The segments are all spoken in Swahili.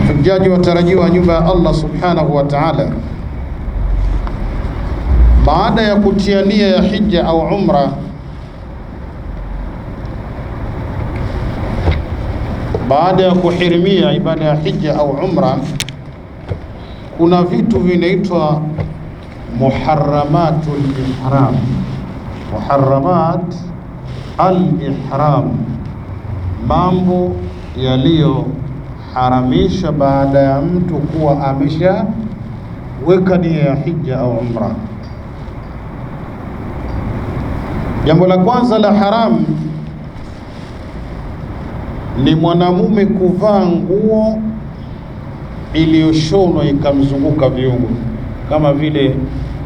mahujaji watarajiwa wa nyumba ya Allah subhanahu wa ta'ala, baada ya kutia nia ya hija au umra, baada ya kuhirimia ibada ya hija au umra, kuna vitu vinaitwa muharramatul ihram, muharramat al ihram, mambo yaliyo haramisha baada ya mtu kuwa ameshaweka nia ya hija au umra. Jambo la kwanza la haramu ni mwanamume kuvaa nguo iliyoshonwa ikamzunguka viungo, kama vile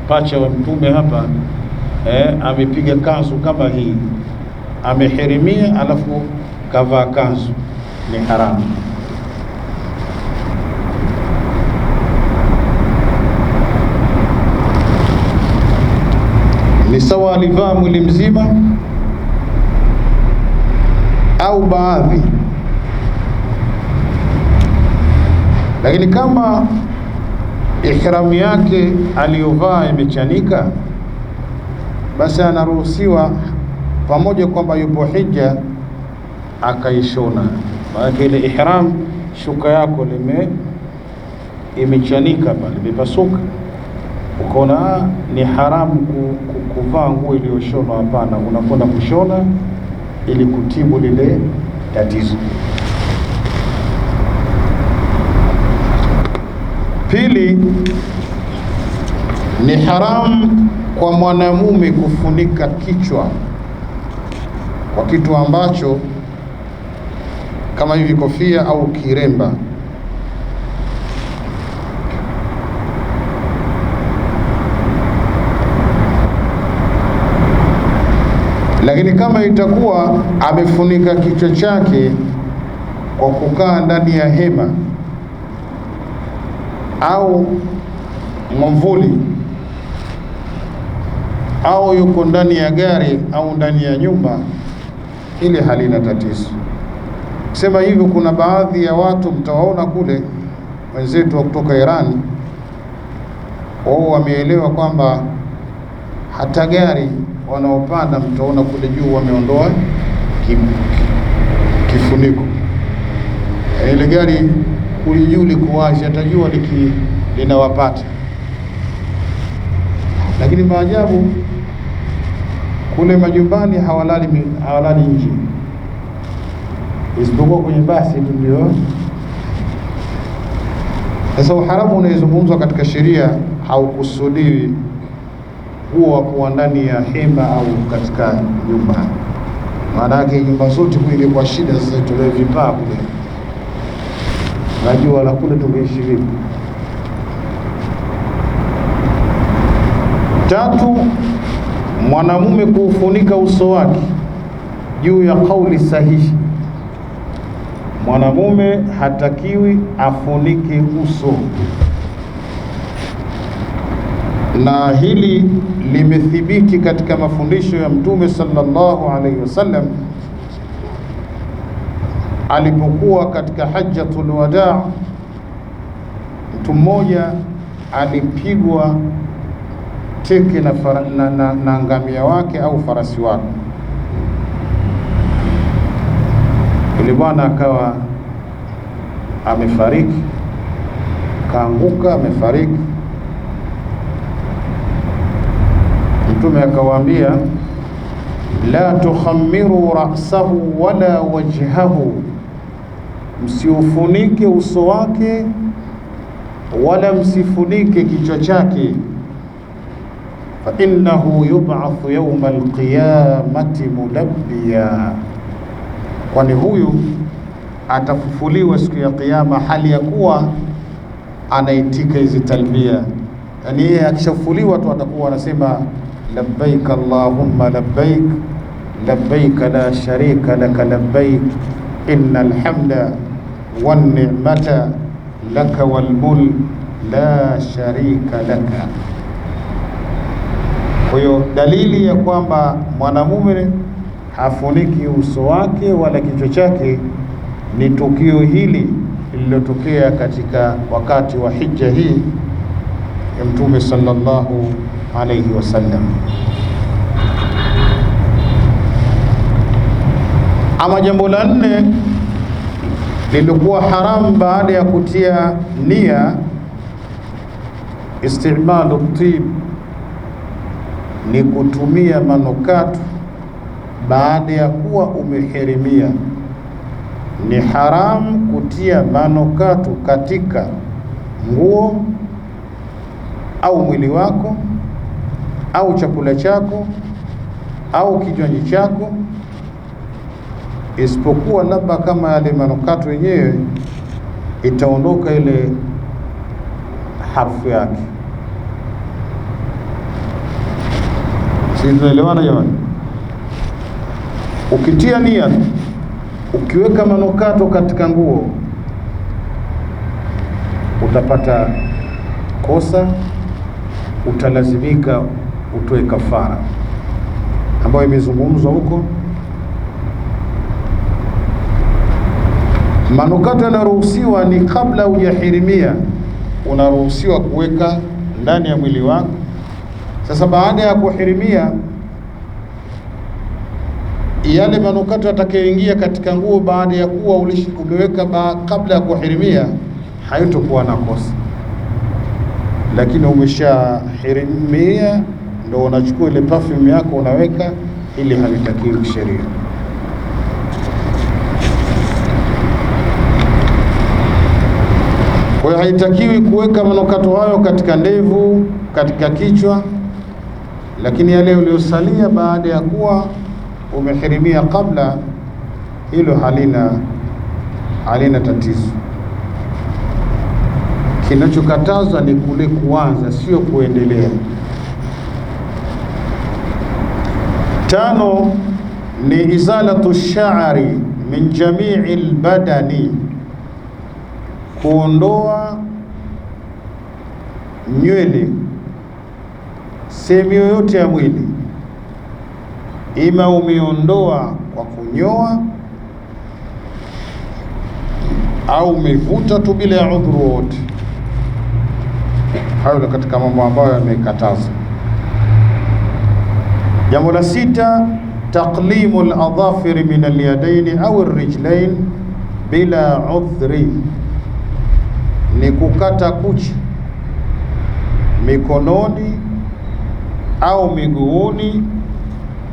pacha wa mtume hapa eh, amepiga kanzu kama hii, ameherimia alafu kavaa kanzu, ni haramu. ni sawa alivaa mwili mzima au baadhi. Lakini kama ihramu yake aliyovaa imechanika, basi anaruhusiwa pamoja kwamba yupo hija akaishona. Maanake ile ihram shuka yako lime imechanika pale, imepasuka ukaona ni haramu kuvaa nguo iliyoshonwa. Hapana, unakwenda kushona ili kutibu lile tatizo. Pili, ni haramu kwa mwanamume kufunika kichwa kwa kitu ambacho kama hivi kofia au kiremba Lakini kama itakuwa amefunika kichwa chake kwa kukaa ndani ya hema au mwamvuli au yuko ndani ya gari au ndani ya nyumba, ile halina tatizo. Sema hivyo, kuna baadhi ya watu mtawaona kule wenzetu wa kutoka iran wao wameelewa kwamba hata gari wanaopanda mtaona kule juu wameondoa kifuniko. Ile gari kule juu likuwashi, atajua liki linawapata. Lakini maajabu kule majumbani hawalali, hawalali nje, isipokuwa kwenye basi tu ndio. Sasa uharamu unaizungumzwa katika sheria haukusudiwi wa kuwa ndani ya hema au katika nyumba. Maana yake nyumba zote kuile kwa shida sasa, vipaa kule najua la kule tungeishi vipi? Tatu, mwanamume kuufunika uso wake juu ya kauli sahihi. Mwanamume hatakiwi afunike uso na hili limethibiti katika mafundisho ya Mtume sallallahu alaihi wasallam alipokuwa katika hajjatul wadaa. Mtu mmoja alipigwa teke na, na, na, na ngamia wake au farasi wake. Yule bwana akawa amefariki, kaanguka amefariki Mtume akawaambia, la tukhammiru rasahu wala wajhahu, msiufunike uso wake wala msifunike kichwa chake. Fa innahu yub'athu yawma alqiyamati mulabbiya, kwani huyu atafufuliwa siku ya Kiyama hali ya kuwa anaitika hizi talbia. Yani yeye akishafufuliwa tu atakuwa anasema لبيك اللهم لبيك لبيك لا شريك لك لبيك إن الحمد والنعمة لك والملك la sharika laka. Kwa hiyo dalili ya kwamba mwanamume hafuniki uso wake wala kichwa chake ni tukio hili lililotokea katika wakati wa hija hii ya Mtume sallallahu alaihi wasallam. Ama jambo la nne lilikuwa haramu baada ya kutia nia, istimalu tib ni kutumia manukatu baada ya kuwa umeherimia. Ni haramu kutia manukatu katika nguo au mwili wako au chakula chako au kinywaji chako, isipokuwa labda kama yale manukato yenyewe itaondoka ile harufu yake. Si jamani? Ukitia nia, ukiweka manukato katika nguo, utapata kosa, utalazimika utoe kafara ambayo imezungumzwa huko. manukato yanaruhusiwa ni kabla hujahirimia, unaruhusiwa kuweka ndani ya mwili wako. Sasa baada ya kuhirimia, yale manukato yatakayoingia katika nguo baada ya kuwa umeweka kabla ya kuhirimia haitokuwa na kosa, lakini umeshahirimia ndio unachukua ile perfume yako unaweka, ili halitakiwi kisheria. Kwa hiyo haitakiwi kuweka manukato hayo katika ndevu, katika kichwa, lakini yale uliyosalia baada ya kuwa umehirimia kabla, hilo halina halina tatizo. Kinachokatazwa ni kule kuanza, sio kuendelea. Tano ni izalatu shaari min jamii lbadani, kuondoa nywele sehemu yoyote ya mwili, ima umeondoa kwa kunyoa au umevuta tu bila ya udhuru wote Hayo ni katika mambo ambayo yamekatazwa. Jambo la sita, taqlimu al min al au ar-rijlain bila udhri, ni kukata kucha mikononi au miguuni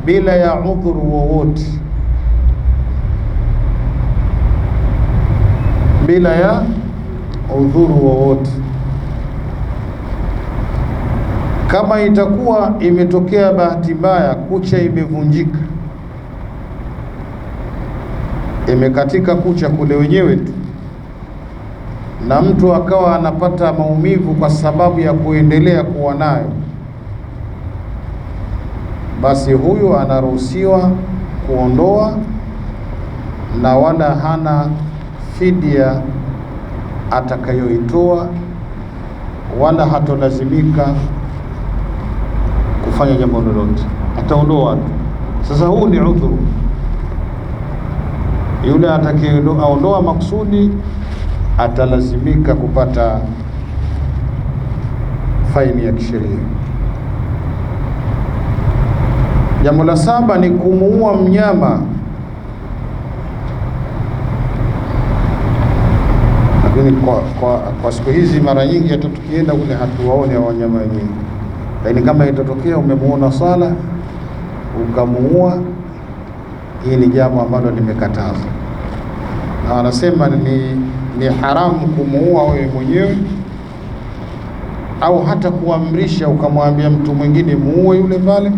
bila ya udhuru wowote, bila ya udhuru wowote. Kama itakuwa imetokea bahati mbaya, kucha imevunjika, imekatika kucha kule wenyewe tu, na mtu akawa anapata maumivu kwa sababu ya kuendelea kuwa nayo, basi huyu anaruhusiwa kuondoa na wala hana fidia atakayoitoa wala hatolazimika kufanya jambo lolote, ataondoa Sasa huu ni udhuru, yule atakayeondoa maksudi atalazimika kupata faini ya kisheria. Jambo la saba ni kumuua mnyama, lakini kwa, kwa, kwa siku hizi mara nyingi hata tukienda kule hatuwaone wanyama wenyewe lakini kama itatokea umemuona sala ukamuua, hii ni jambo ambalo limekataza, na wanasema ni, ni haramu kumuua wewe mwenyewe au hata kuamrisha ukamwambia mtu mwingine muue yule pale,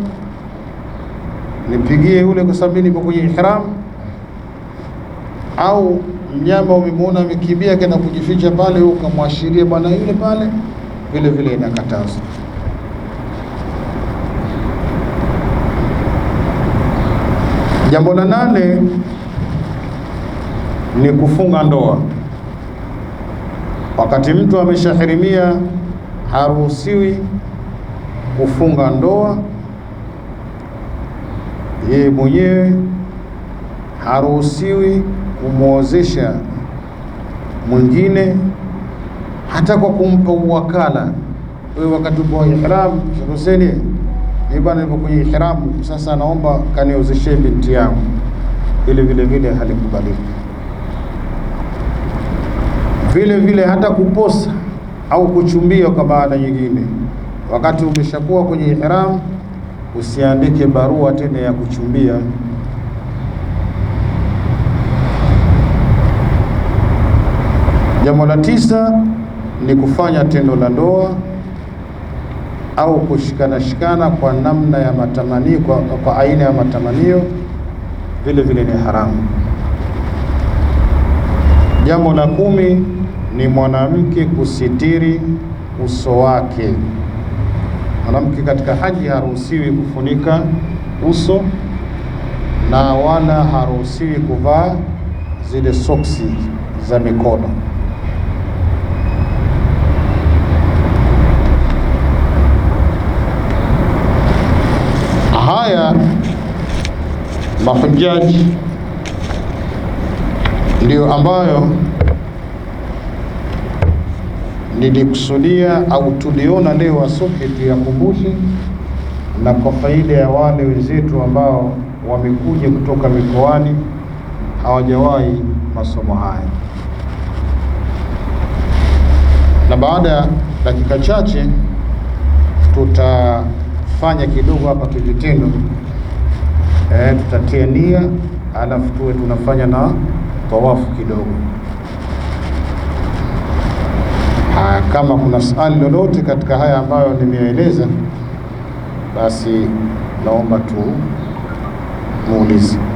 nipigie yule kwa sababu nipo kwenye ihram, au mnyama umemuona amekimbia kenda kujificha pale, ukamwashiria bwana yule pale, vile vile inakataza. Jambo la nane ni kufunga ndoa. Wakati mtu ameshahirimia, haruhusiwi kufunga ndoa yeye mwenyewe, haruhusiwi kumwozesha mwingine, hata kwa kumpa uwakala. Wewe wakati wa ihram, Sheikh bwana, nilipo kwenye ihramu sasa, naomba kaniozeshe binti yangu, ili vile vile halikubaliki. Vile vile hata kuposa au kuchumbia kwa baada nyingine, wakati umeshakuwa kwenye ihramu, usiandike barua tena ya kuchumbia. Jambo la tisa ni kufanya tendo la ndoa au kushikanashikana kwa namna ya matamanio kwa, kwa aina ya matamanio vile vile ni haramu. Jambo la kumi ni mwanamke kusitiri uso wake. Mwanamke katika haji haruhusiwi kufunika uso na wala haruhusiwi kuvaa zile soksi za mikono. haya mahujaji ndiyo ambayo nilikusudia au tuliona leo asubuhi tuyakumbushe, na kwa faida ya wale wenzetu ambao wamekuja kutoka mikoani hawajawahi masomo haya. Na baada ya dakika chache tuta tutafanya kidogo hapa kivitendo, eh, tutatia nia alafu tuwe tunafanya na tawafu kidogo. Ha, kama kuna swali lolote katika haya ambayo nimeeleza, basi naomba tu muulize.